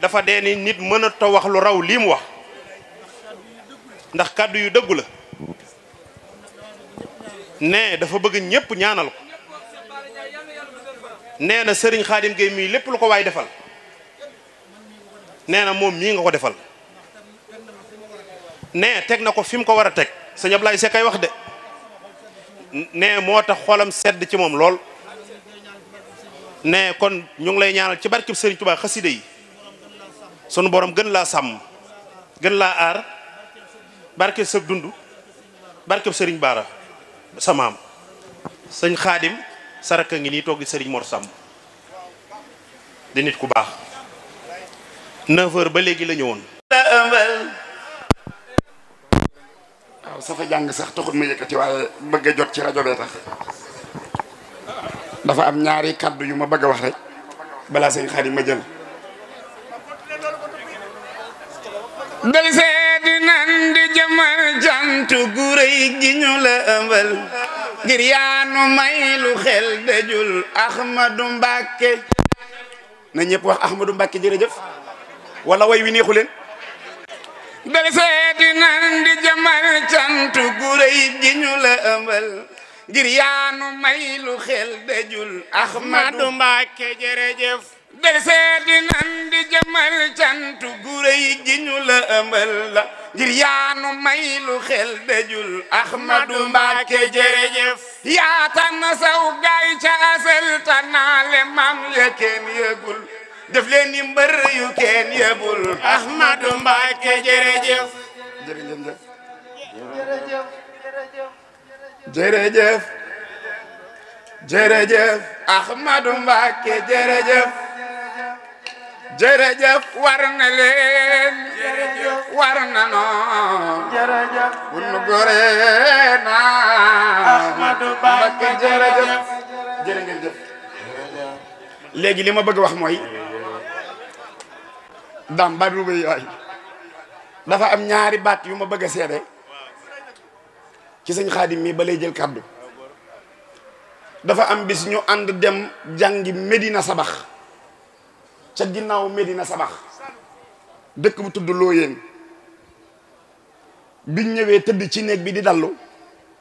dafa dee ni nit mënatoo wax lu raw lii mu wax ndax kàddu yu dëggu la nee dafa bëgg ñépp ñaanal ko nee na sëriñ xaadim Gueye mii lépp lu ko waay defal nee na moom mii nga ko defal ne teg na ko fi mu ko war a teg sëñ Ablaye Seck ay wax de nee moo tax xolam sedd ci moom lool ne kon ñu ngi lay ñaanal ci bari barkib sëriñ Tuubaa xaside yi sunu boroom gën laa sàmm gën laa aar barke sëb dund barke sëriñ baara sa maam sëñ xaadim sa rakk ngi nii toog di sëriñ mor sàmm di nit ku baax 9h ba léegi la woon waaw sa fa jàng sax taxut ma yëkkati waaye bëgg jot ci rajo bee tax dafa am ñaari kàddu yu ma bëgg a wax rek balaa sëñ xaadim ma jël dal seeti nan di jëmal cant gu rëy gi ñu la ëmbal ngir yaanu may lu xel Ahmadu Mbàkke na ñëpp wax Ahmadu Mbàkke jërëjëf wala way wi neexu leen dal di jëmal cant gu rëy gi ñu la ëmbal ngir yaanu may lu xel dajul Ahmadu Mbàkke jërëjëf deseeti nan di jëmal cant gu rëy la ëmbal la ngir yaanu xel dajul ahmadu mbàkke jërëjëf yaatan na saw gaay ca asal kenn yëgul def leen ni kenn yëbul ahmadu mbàkke jërëjëf jërëjëf jërëjëf jërëjëf ahmadu mbàkke jërëjëf jërëjëf war na leen war naa Ahmadou Bamba jëf léegi li ma bëgg wax mooy dam ba duba yooyu dafa am ñaari baat yu ma bëgg a seede sëñ xaadim mii ba lay jël kàddu dafa am bis ñu ànd dem jàngi Medina Sabax ca ginnaaw Medina Sabax dëkk bu tudd loo Looyeen biñ ñëwee tëdd ci néeg bi di dallu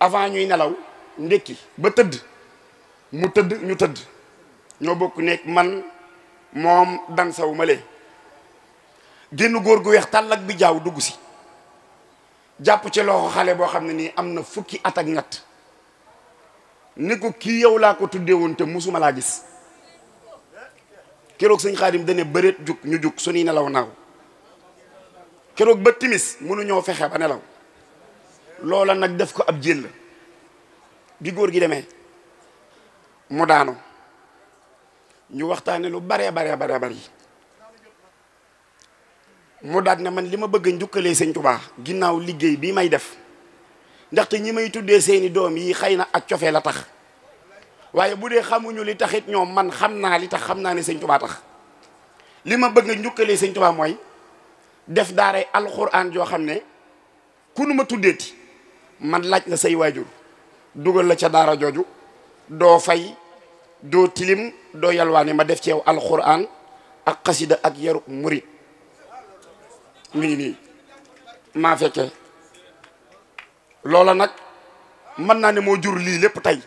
avant ñuy nelaw ndekki ba tëdd mu tëdd ñu tëdd ñoo bokk nekk man moom dan saw male génn góor gu weex tàllak bi jaaw dugg si jàpp ci loxo xale boo xam ne nii am na fukki at ak ñett ni ko kii yow laa ko tuddee woon te musuma laa gis keroog sëñ xaadim dane bëreet jug ñu jug suñuy nelaw naaw keroog ba timis mënuñoo fexe ba nelaw loola nag def ko ab jël bi góor gi demee mu daanu ñu waxtaane lu baree baree baree bari mu daat ne man li ma bëgg a njukkalee sëñ tubaa ginnaaw liggéey bi may def ndaxte ñi may tuddee seeni doom yi xëy na ak cofee la tax waaye bu dee xamuñu li taxit ñoom man xam naa li tax xam naa ne sëñ tubaa tax li ma bëgg a njukkalee sëñ tubaa mooy def daaray alxuraan joo xam ne ku nu ma tuddee ti man laaj la say waajur dugal la ca daara jooju doo fay doo tilim doo yalwaane ma def ci yow alxuraan ak xasida ak yaru murit mi ngi nii loola nag mën naa ne moo jur lii lépp tey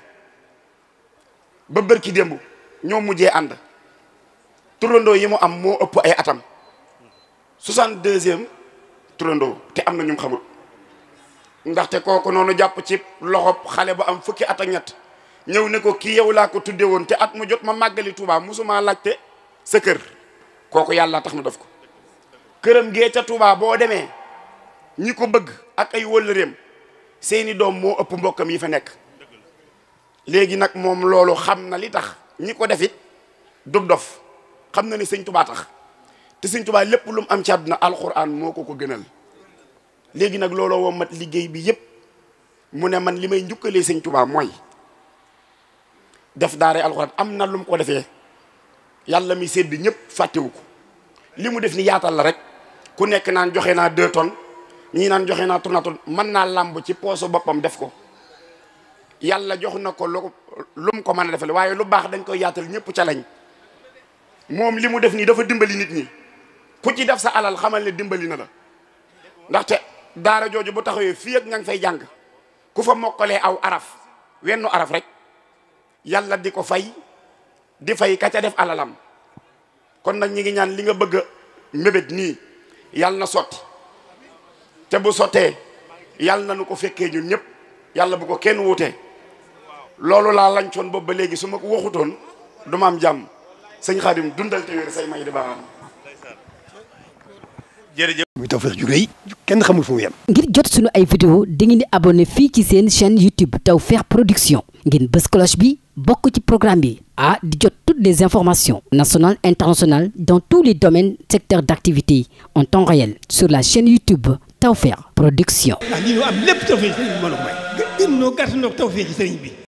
ba bërki démb ñoo mujjee ànd turandoo yi mu am moo ëpp ay atam soixante-deuxième turandoo te am na ñum xamul ndaxte kooko noonu jàpp ci loxo xale bu am fukki at ak ñett ñëw ne ko kii yow laa ko tudde woon te at mu jot ma màggali Touba mosuma laajte sa kër kooku yàlla tax na def ko këram gee ca Touba boo demee ñi ko bëgg ak ay wëllëreem seeni doom moo ëpp mbokkam yi fa nekk léegi nag moom loolu xam na li tax ñi ko defit dub dof xam na ni sëñ tubaa tax te sëñ tubaa lépp lu am ci àdduna alxuraan moo ko ko gënal léegi nag looloo woo mat liggéey bi yépp mu ne man li may njukkalee sëñ tubaa mooy def daare alxuraan am na lu mu ko defee yàlla mi sédd ñëpp fàttewu ko li mu def ni yaatal la rek ku nekk naan joxe naa deux tonnes ñii naan joxe naa trois tonnes mën naa làmb ci poosu boppam def ko yàlla jox na ko lu mu ko mën a defal waaye lu baax dañ koy yaatal ñëpp ca moom li mu def nii dafa dimbali nit ñi ku ci def sa alal xamal ne dimbali na la ndaxte daara jooju bu taxawee fii ak nga ngi fay jàng ku fa mokkalee aw araf wenn araf rek yàlla di ko fay di fay ka ca def alalam kon nag ñi ngi ñaan li nga bëgg a mébét nii yàlla na sotti te bu sotee yàlla na nu ko fekkee ñun ñëpp yàlla bu ko kenn wuutee loolu laa lancoon boobu ba léegi su ma ko waxutoon du ma am jàmm sëñ Xaadim dundal te wér say may di baaxam kenn xamul fu mu ngir jot suñu ay vidéo di ngeen di abonné fii ci seen chaîne YouTube Tawfekh Production ngeen bës cloche bi bokk ci programme bi ah di jot toutes des informations national internationales dans tous les domaines secteurs d'activité en temps réel sur la chaîne YouTube Tawfekh Production. Ah,